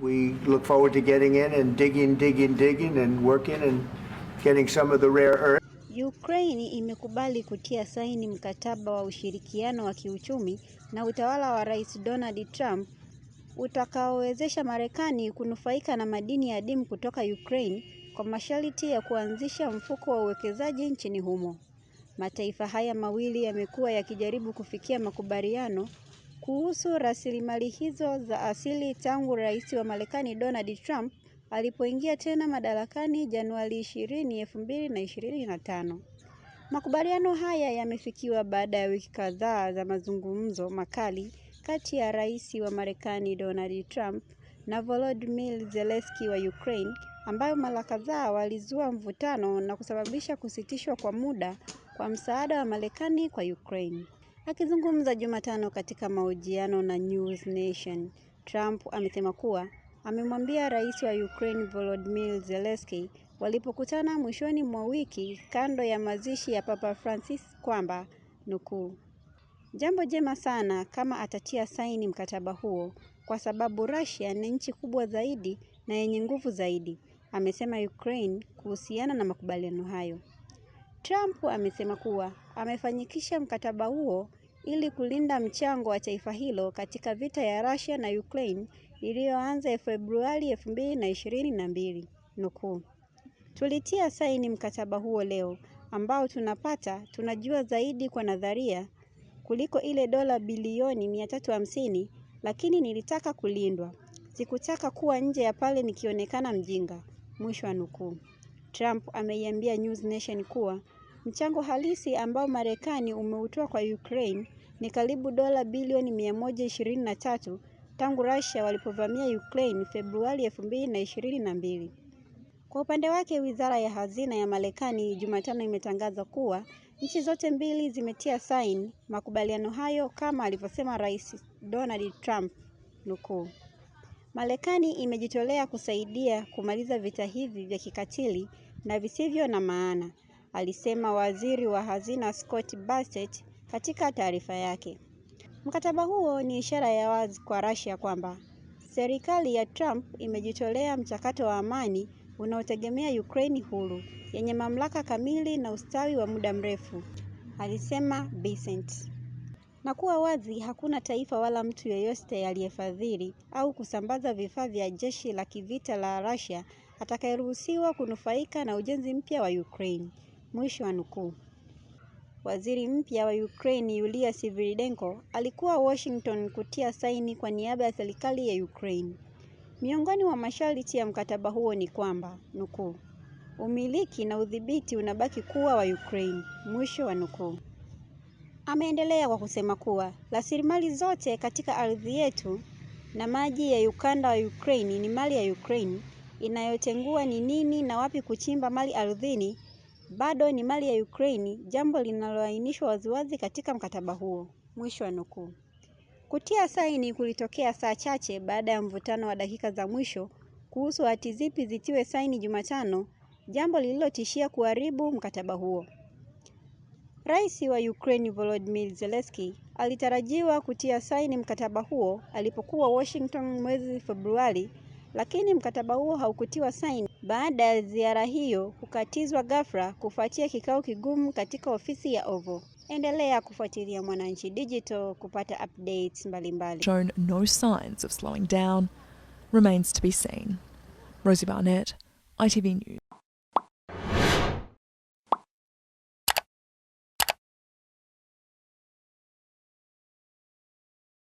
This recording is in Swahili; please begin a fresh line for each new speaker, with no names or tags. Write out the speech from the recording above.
we look forward to getting in and digging, digging, digging and working and getting some of the rare earth.
Ukraine imekubali kutia saini mkataba wa ushirikiano wa kiuchumi na utawala wa Rais Donald Trump utakaowezesha Marekani kunufaika na madini ya dimu kutoka Ukraine kwa masharti ya kuanzisha mfuko wa uwekezaji nchini humo. Mataifa haya mawili yamekuwa yakijaribu kufikia makubaliano kuhusu rasilimali hizo za asili tangu Rais wa Marekani Donald Trump alipoingia tena madarakani Januari ishirini elfu mbili na ishirini na tano. Makubaliano haya yamefikiwa baada ya wiki kadhaa za mazungumzo makali kati ya Rais wa Marekani Donald Trump na Volodymyr Zelensky wa Ukraine, ambayo mara kadhaa walizua mvutano na kusababisha kusitishwa kwa muda kwa msaada wa Marekani kwa Ukraine. Akizungumza Jumatano katika mahojiano na News Nation, Trump amesema kuwa amemwambia Rais wa Ukraine Volodymyr Zelensky walipokutana mwishoni mwa wiki kando ya mazishi ya Papa Francis kwamba nukuu, jambo jema sana kama atatia saini mkataba huo kwa sababu Russia ni nchi kubwa zaidi na yenye nguvu zaidi, amesema Ukraine kuhusiana na makubaliano hayo. Trump amesema kuwa amefanikisha mkataba huo ili kulinda mchango wa taifa hilo katika vita ya Russia na Ukraine iliyoanza Februari 2022. Nukuu, tulitia saini mkataba huo leo ambao tunapata tunajua zaidi kwa nadharia kuliko ile dola bilioni 350, lakini nilitaka kulindwa, sikutaka kuwa nje ya pale nikionekana mjinga, mwisho wa nukuu. Trump ameiambia News Nation kuwa Mchango halisi ambao Marekani umeutoa kwa Ukraine ni karibu dola bilioni 123 tangu Russia walipovamia Ukraine Februari 2022. Kwa upande wake, Wizara ya Hazina ya Marekani Jumatano imetangaza kuwa nchi zote mbili zimetia saini makubaliano hayo kama alivyosema Rais Donald Trump nukuu, Marekani imejitolea kusaidia kumaliza vita hivi vya kikatili na visivyo na maana alisema Waziri wa Hazina Scott Bassett katika taarifa yake. Mkataba huo ni ishara ya wazi kwa Russia kwamba serikali ya Trump imejitolea mchakato wa amani unaotegemea Ukraine huru, yenye mamlaka kamili na ustawi wa muda mrefu, alisema Bassett. Na kuwa wazi, hakuna taifa wala mtu yeyote aliyefadhili au kusambaza vifaa vya jeshi la kivita la Russia atakayeruhusiwa kunufaika na ujenzi mpya wa Ukraine. Mwisho wa nukuu. Waziri mpya wa Ukraine Yulia Sviridenko alikuwa Washington kutia saini kwa niaba ya serikali ya Ukraine. Miongoni mwa masharti ya mkataba huo ni kwamba nukuu, umiliki na udhibiti unabaki kuwa wa Ukraine, mwisho wa nukuu. Ameendelea kwa kusema kuwa rasilimali zote katika ardhi yetu na maji ya ukanda wa Ukraine ni mali ya Ukraine inayotengua ni nini na wapi kuchimba mali ardhini bado ni mali ya Ukraine, jambo linaloainishwa waziwazi katika mkataba huo. Mwisho wa nukuu. Kutia saini kulitokea saa chache baada ya mvutano wa dakika za mwisho kuhusu hati zipi zitiwe saini Jumatano, jambo lililotishia kuharibu mkataba huo. Rais wa Ukraine Volodymyr Zelensky alitarajiwa kutia saini mkataba huo alipokuwa Washington mwezi Februari lakini mkataba huo haukutiwa saini. Baada ya ziara hiyo kukatizwa ghafla kufuatia kikao kigumu katika ofisi ya Oval. Endelea kufuatilia Mwananchi Digital kupata updates mbalimbali. Shown no signs of slowing down remains to be seen. Rosie Barnett, ITV News.